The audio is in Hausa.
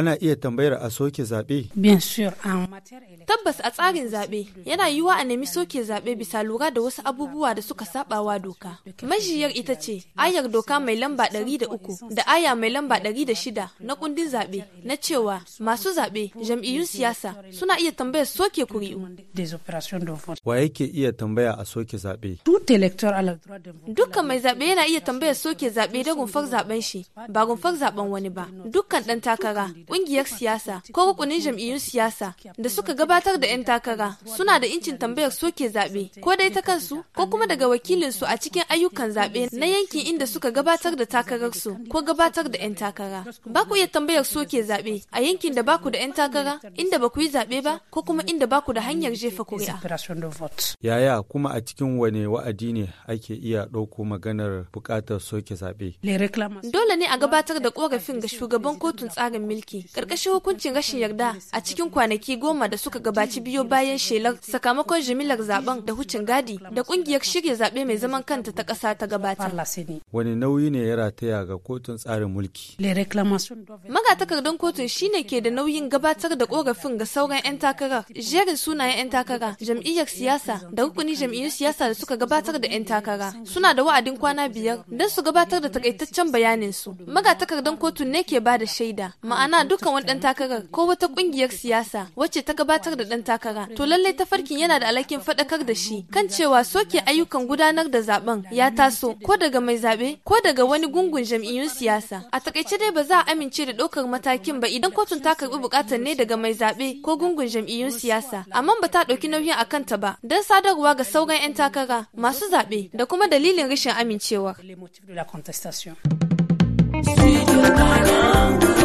ana iya tambayar a soke zaɓe? Tabbas a tsarin zaɓe yana yiwuwa a nemi soke zaɓe bisa lura da wasu abubuwa da suka sabawa doka. Majiyar ita ce ayar doka mai lamba ɗari da uku da aya mai lamba ɗari da shida na kundin zaɓe na cewa masu zaɓe jam'iyyun siyasa suna iya tambayar soke kuri'u. Wa yake iya tambaya a soke zaɓe? Dukkan mai zaɓe yana iya tambayar soke zaɓe da rumfar zaɓen shi ba rumfar zaɓen wani ba. Dukkan ɗan takara ƙungiyar siyasa ko rukunin jam'iyyun siyasa da suka gabatar da 'yan takara suna da incin tambayar soke zaɓe ko dai ta kansu ko kuma daga wakilinsu a cikin ayyukan zaɓe na yankin inda suka gabatar da takararsu ko gabatar da 'yan takara. Ba ku iya tambayar soke zaɓe a yankin da ba ku da 'yan takara inda ba ku yi zaɓe ba ko kuma inda ba ku da hanyar jefa kuri'a. Yaya kuma a cikin wane wa'adi ne ake iya ɗauko maganar buƙatar soke zaɓe? Dole ne a gabatar da ƙorafin ga shugaban kotun tsarin mulki karkashin hukuncin rashin yarda a cikin kwanaki goma da suka gabaci biyo bayan shelar sakamakon jimilar zaben da hucin gadi da kungiyar shirya zaɓe mai zaman kanta ta ƙasa ta gabatar. Wani nauyi ne ya rataya ga kotun tsarin mulki? Magatakardar kotun shine ke da nauyin gabatar da korafin ga sauran 'yan takara, jerin sunayen 'yan takara, jam'iyyar siyasa da rukunin jam'iyyun siyasa da suka gabatar da 'yan takara. Suna da wa'adin kwana biyar don su gabatar da takaitaccen bayanin su. Magatakardar kotun ne ke ba da shaida, ma'ana ma'ana dukkan wani dan takara ko wata kungiyar siyasa wacce ta gabatar da dan takara to lallai tafarkin yana da alhakin faɗakar da shi kan cewa soke ayyukan gudanar da zaben ya taso ko daga mai zaɓe ko daga wani gungun jam'iyyun siyasa a takaice dai ba za a amince da ɗaukar matakin ba idan kotun ta karɓi buƙatar ne daga mai zaɓe ko gungun jam'iyyun siyasa amma ba ta ɗauki nauyin a kanta ba don sadarwa ga sauran 'yan takara masu zaɓe da kuma dalilin rashin amincewar. Studio Kalangu.